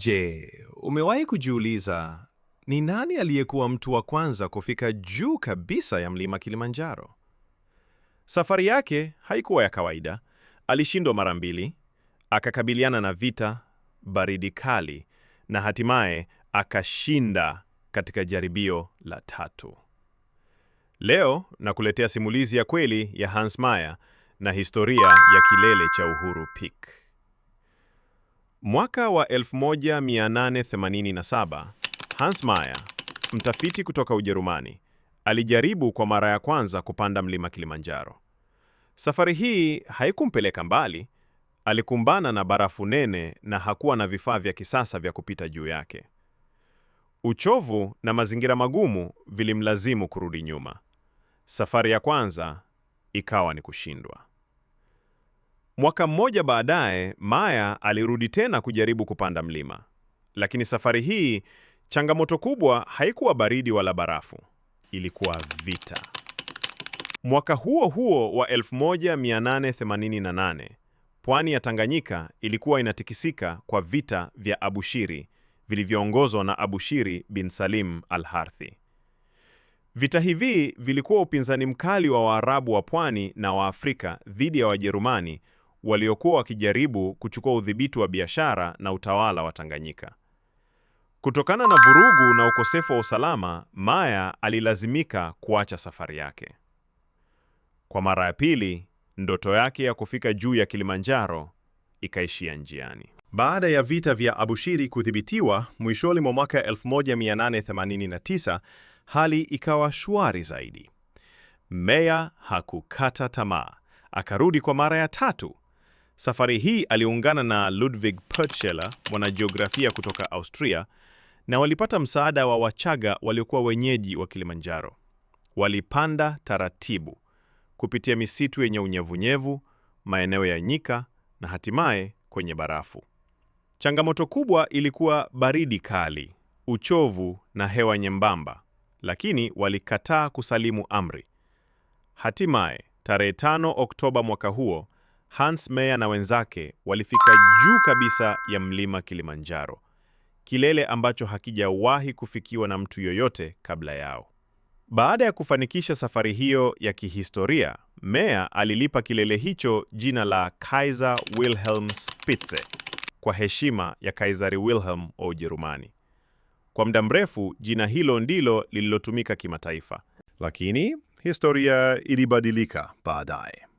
Je, umewahi kujiuliza ni nani aliyekuwa mtu wa kwanza kufika juu kabisa ya mlima Kilimanjaro? Safari yake haikuwa ya kawaida. Alishindwa mara mbili, akakabiliana na vita, baridi kali, na hatimaye akashinda katika jaribio la tatu. Leo nakuletea simulizi ya kweli ya Hans Meyer na historia ya kilele cha Uhuru Peak. Mwaka wa 1887 Hans Meyer, mtafiti kutoka Ujerumani, alijaribu kwa mara ya kwanza kupanda mlima Kilimanjaro. Safari hii haikumpeleka mbali. Alikumbana na barafu nene na hakuwa na vifaa vya kisasa vya kupita juu yake. Uchovu na mazingira magumu vilimlazimu kurudi nyuma. Safari ya kwanza ikawa ni kushindwa. Mwaka mmoja baadaye, Maya alirudi tena kujaribu kupanda mlima, lakini safari hii changamoto kubwa haikuwa baridi wala barafu, ilikuwa vita. Mwaka huo huo wa 1888 pwani ya Tanganyika ilikuwa inatikisika kwa vita vya Abushiri vilivyoongozwa na Abushiri bin Salim al-Harthi. Vita hivi vilikuwa upinzani mkali wa Waarabu wa pwani na Waafrika dhidi ya Wajerumani waliokuwa wakijaribu kuchukua udhibiti wa biashara na utawala wa Tanganyika. Kutokana na vurugu na ukosefu wa usalama, Maya alilazimika kuacha safari yake. Kwa mara ya pili, ndoto yake ya kufika juu ya Kilimanjaro ikaishia njiani. Baada ya vita vya Abushiri kudhibitiwa mwishoni mwa mwaka 1889, hali ikawa shwari zaidi. Meya hakukata tamaa, akarudi kwa mara ya tatu Safari hii aliungana na Ludwig Purtscheller, mwanajiografia kutoka Austria, na walipata msaada wa Wachaga waliokuwa wenyeji wa Kilimanjaro. Walipanda taratibu kupitia misitu yenye unyevunyevu, maeneo ya nyika na hatimaye kwenye barafu. Changamoto kubwa ilikuwa baridi kali, uchovu na hewa nyembamba, lakini walikataa kusalimu amri. Hatimaye tarehe 5 Oktoba mwaka huo Hans Meyer na wenzake walifika juu kabisa ya mlima Kilimanjaro, kilele ambacho hakijawahi kufikiwa na mtu yoyote kabla yao. Baada ya kufanikisha safari hiyo ya kihistoria, Meyer alilipa kilele hicho jina la Kaiser Wilhelm Spitze kwa heshima ya Kaisari Wilhelm wa Ujerumani. Kwa muda mrefu jina hilo ndilo lililotumika kimataifa, lakini historia ilibadilika baadaye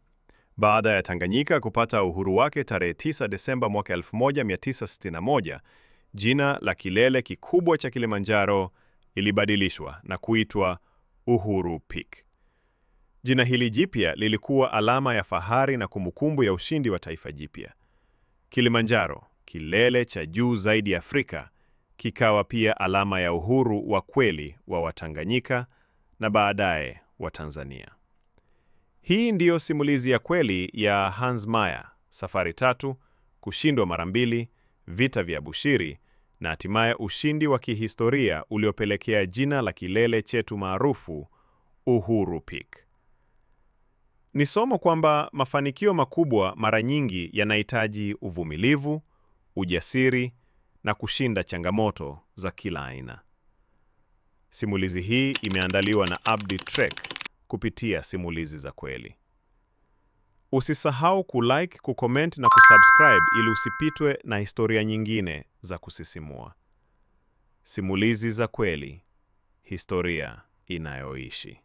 baada ya Tanganyika kupata uhuru wake tarehe 9 Desemba mwaka 1961, jina la kilele kikubwa cha Kilimanjaro ilibadilishwa na kuitwa Uhuru Peak. Jina hili jipya lilikuwa alama ya fahari na kumbukumbu ya ushindi wa taifa jipya. Kilimanjaro, kilele cha juu zaidi Afrika, kikawa pia alama ya uhuru wa kweli wa Watanganyika na baadaye wa Tanzania. Hii ndiyo simulizi ya kweli ya Hans Meyer, safari tatu, kushindwa mara mbili, vita vya Bushiri na hatimaye ushindi wa kihistoria uliopelekea jina la kilele chetu maarufu Uhuru Peak. Ni somo kwamba mafanikio makubwa mara nyingi yanahitaji uvumilivu, ujasiri na kushinda changamoto za kila aina. Simulizi hii imeandaliwa na Abdi Trek kupitia simulizi za kweli. Usisahau kulike, kucomment na kusubscribe ili usipitwe na historia nyingine za kusisimua. Simulizi za kweli, historia inayoishi.